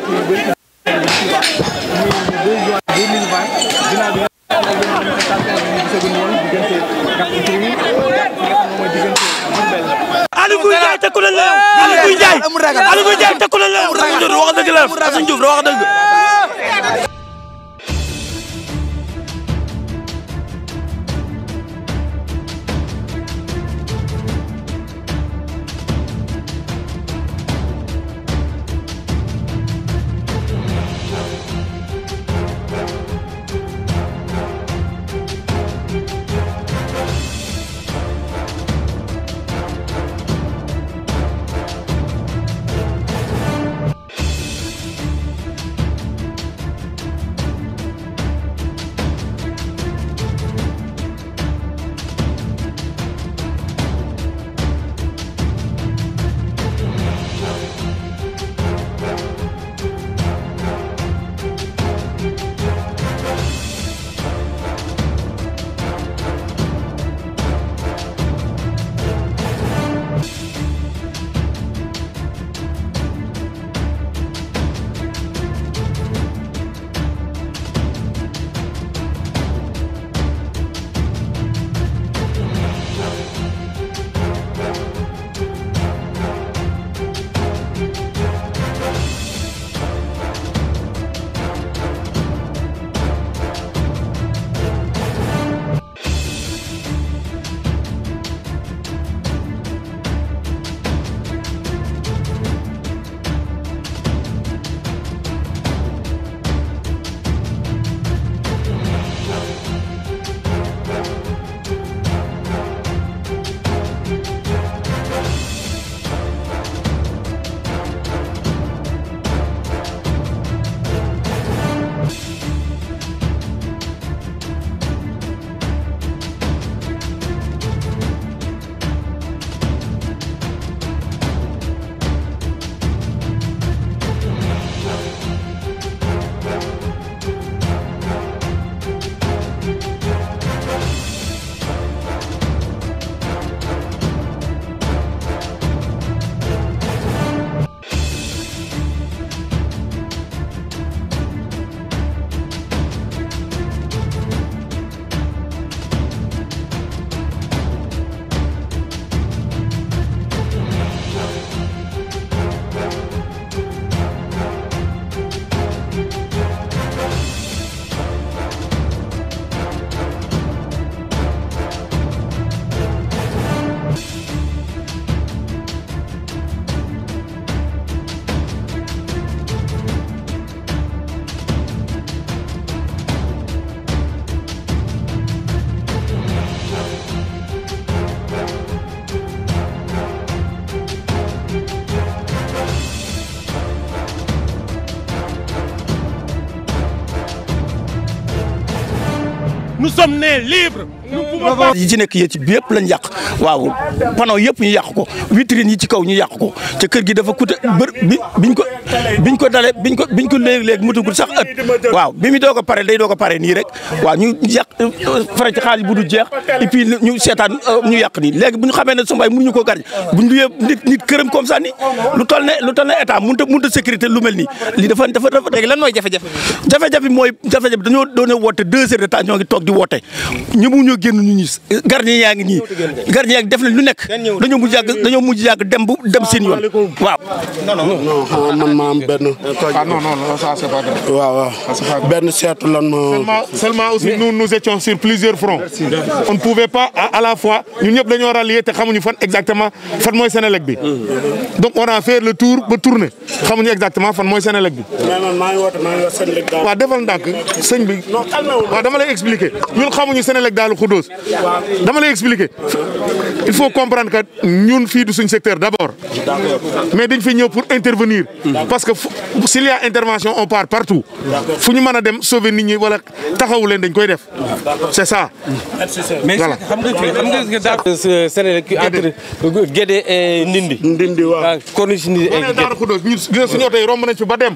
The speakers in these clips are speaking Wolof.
yàq yu bëri muy 2 juin 2020 ginnaaw bi nga xam ne moom mooy station bi ñu gisaguñ woon diggante Cap Skirring jàpp nga xam ne mooy diggante Diourbel Aly Ngouille Ndiaye tëkku nañ la Aly Ngouille Ndiaye Aly Ngouille Ndiaye tëkku nañ la Assane Diouf wax dëgg la Assane Diouf wax dëgg Nous sommes nés libres. yi ci nekk yëpp bi yëpp lañ yàq waaw panneau yëpp ñu yàq ko vitrine yi ci kaw ñu yàq ko te kër gi dafa coûté bër bi biñ ko biñ ko dale biñ ko biñ ko léeg-léeg mutagul sax ëtt waaw bi mu doog a pare day doog a pare nii rek waaw ñu yàq fara ci xaalis bu du jeex et puis ñu seetaan euh, ñu yàq nii léegi bu ñu xamee ne sumbaay mënuñu ko garder buñ luyee nit nit këram comme ça ni lu toll ne lu toll ne état mënut a mënut a sécurité lu mel nii li dafa dafa dafa léegi lan mooy jafe-jafe bi jafe-jafe bi mooy jafe-jafe bi dañoo doon woote deux heures de temps ñoo ngi toog di woote ñëmuñoo génn ñu yaa ngi nii lu nekk dañoo mujj yàgg dañoo mujj yàgg yoon waaw ma am benn ah non non seetu lan ma seulement aussi sur plusieurs fronts on ne pas à la fois ñun ñëpp dañoo rallier te xamuñu fan exactement fan mooy Senelec bi mm-hmm. donc on a fait le tour ba tourner xamuñu exactement fan mooy Senelec bi waaw defal ndànk sëñ bi waaw dama lay expliquer ñun xamuñu Senelec Daaru Xudoos dama la expliquer il faut comprendre que ñun fii du suñ secteur d'abord mais dañ fi ñëw pour intervenir mm. parce que s'il y intervention on part partout fu ñu mën dem sauver nit ñi wala taxawu leen dañ koy def c'est ça voilà xam nga euh, Sénégal ki entre Guédé et Ndindi Ndindi waaw ah, corniche Ndindi oto yi romb nañ fi ba dem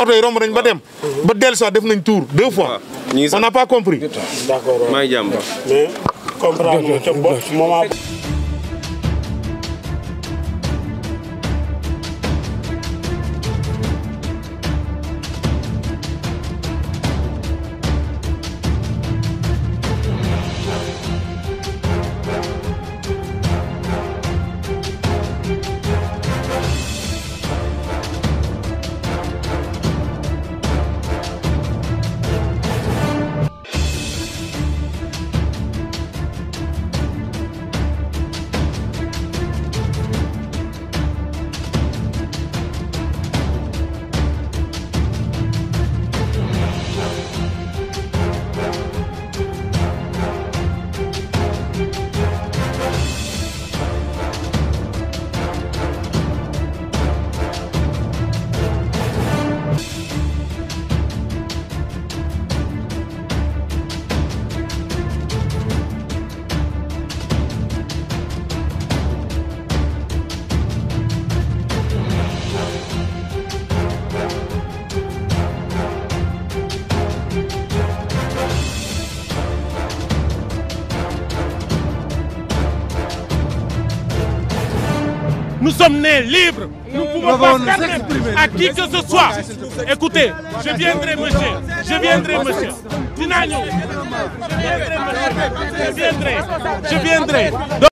oto yi romb nañ ba dem ba dellu def nañ tour de fois on n'a pas compris. d'accord maa ngi jàmm mais comprendre nous sommes nés libres. Nous ne pouvons pas permettre à qui que ce soit. Écoutez, je viendrai, monsieur. Je viendrai, monsieur. Dinaa ñëw. Je viendrai, monsieur. Je viendrai. Je viendrai.